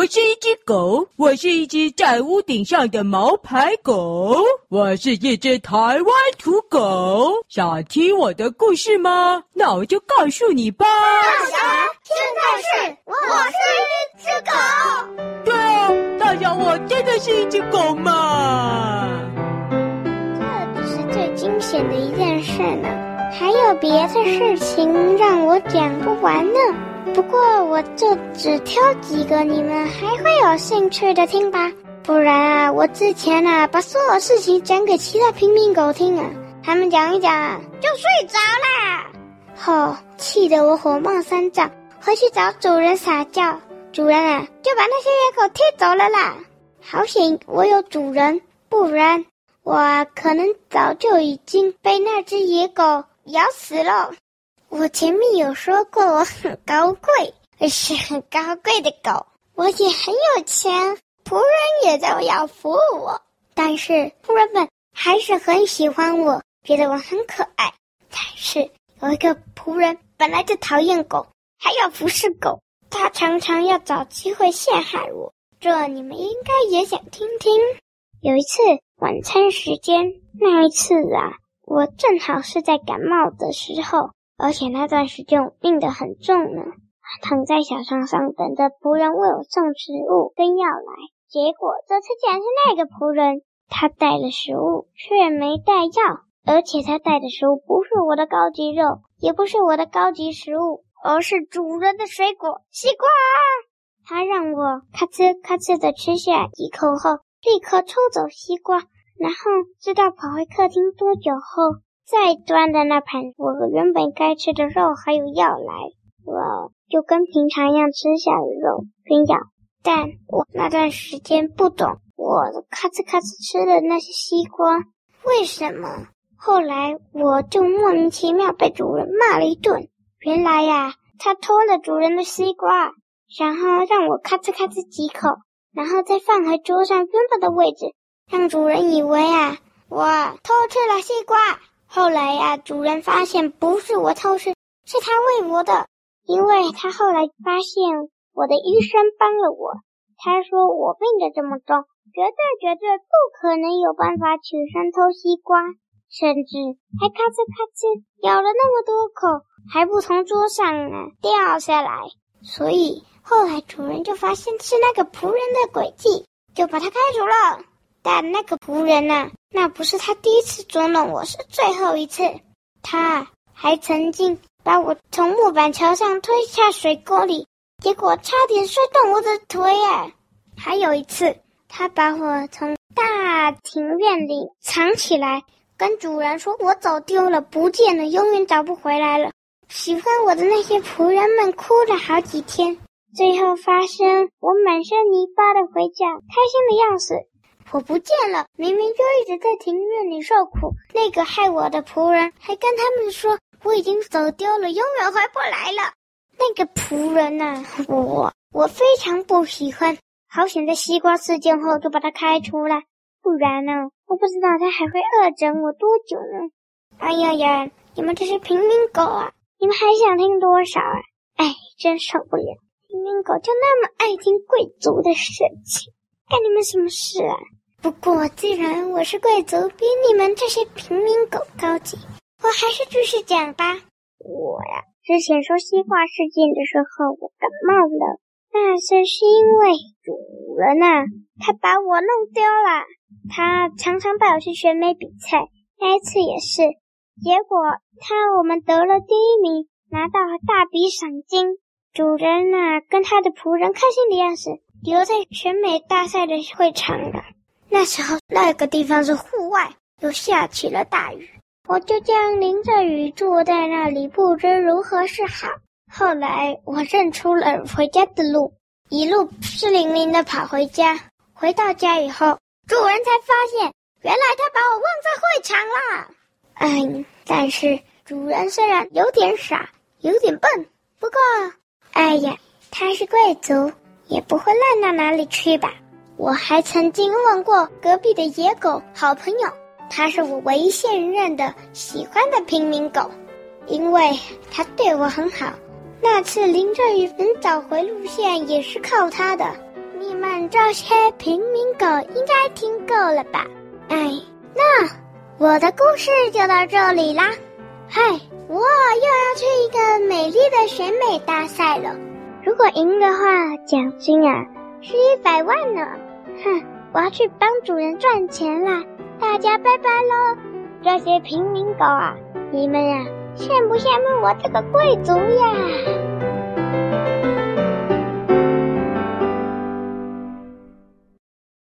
我是一隻狗，我是一隻在屋頂上的毛牌狗，我是一隻台灣土狗。想聽我的故事嗎？那我就告訴你吧。大家，現在是，我是一隻狗。對、啊，大家，我真的是一隻狗嘛？這不是最驚險的一件事呢，還有別的事情讓我講不完呢。不過，我就只挑幾個你們還會有興趣的聽吧，不然啊，我之前啊，把所有事情講給其他平民狗聽啊，他們講一講、啊、就睡着啦，好、吼、氣得我火冒三丈，回去找主人撒嬌，主人啊就把那些野狗踢走了啦，好險我有主人，不然我可能早就已經被那隻野狗咬死咯。我前面有說過，我很高貴，而是很高貴的狗。我也很有錢，僕人也在要服務我。但是僕人們還是很喜歡我，覺得我很可愛。但是有一個僕人本來就討厭狗，還要服侍狗，他常常要找機會陷害我。這你們應該也想聽聽。有一次晚餐時間，那一次啊，我正好是在感冒的時候。而且那段時間我病得很重呢，躺在小床上等着僕人為我送食物跟藥來。結果這次竟然是那個僕人，他帶了食物卻沒帶藥，而且他帶的食物不是我的高級肉，也不是我的高級食物，而是主人的水果西瓜。他讓我咔哧咔哧地吃下幾口後，立刻抽走西瓜，然後知道跑回客廳多久後。再端的那盤，我原本該吃的肉還有藥來，我就跟平常一樣吃下了肉跟藥。但我那段時間不懂，我咔哧咔哧吃的那些西瓜，為什麼？後來我就莫名其妙被主人罵了一頓。原來呀、啊，他偷了主人的西瓜，然後讓我咔哧咔哧幾口，然後再放回桌上原本的位置，讓主人以為啊我偷吃了西瓜。後來呀、啊，主人發現不是我偷吃，是他餵我的。因為他後來發現我的醫生幫了我，他說我病得這麼重，絕對絕對不可能有辦法起身偷西瓜，甚至還咔嚓咔嚓咬了那麼多口，還不從桌上呢掉下來。所以後來主人就發現是那個僕人的詭計，就把他開除了。但那個僕人吶、啊，那不是他第一次捉弄我是，是最後一次。他還曾經把我從木板橋上推下水溝裡，結果差點摔斷我的腿啊。還有一次，他把我從大庭院裡藏起來，跟主人說我走丟了，不見了，永遠找不回來了。喜歡我的那些僕人們哭了好幾天，最後發生我滿身泥巴的回家，開心的樣子。我不見了，明明就一直在庭院裡受苦。那個害我的僕人還跟他們說我已經走丟了，永遠回不來了。那個僕人吶、啊，我我非常不喜歡，好險在西瓜事件後就把他開除了，不然呢，我不知道他還會惡整我多久呢。哎呀呀，你們這些平民狗啊，你們還想聽多少啊？哎，真受不了，平民狗就那麼愛聽貴族的事情，干你們什麼事啊？不過，既然我是貴族，比你們這些平民狗高級，我還是繼續講吧。我呀、啊，之前說西瓜事件的時候，我感冒了，那是因為主人吶、啊，他把我弄丟了。他常常帶我去選美比賽，那一次也是，結果他我們得了第一名，拿到大筆賞金。主人吶、啊，跟他的僕人開心的樣子，留在選美大賽的會場了。那時候，那個地方是戶外，又下起了大雨，我就這樣淋着雨坐在那裡，不知如何是好。後來我認出了回家的路，一路濕淋淋地跑回家。回到家以後，主人才發現，原來他把我忘在會場了。唉、嗯，但是主人雖然有點傻，有點笨，不過，哎呀，他是貴族，也不會爛到哪裡去吧。我還曾經問過隔壁的野狗好朋友，他是我唯一信任的、喜歡的平民狗，因為他對我很好。那次淋着雨能找回路線也是靠他的。你們這些平民狗應該聽夠了吧？哎，那我的故事就到這裡啦。嗨，我又要去一個美麗的選美大賽了，如果贏的話，獎金啊是一百萬呢。哼，我要去幫主人賺錢啦！大家拜拜嘍！這些平民狗啊，你們呀、啊，羨不羨慕我這個貴族呀？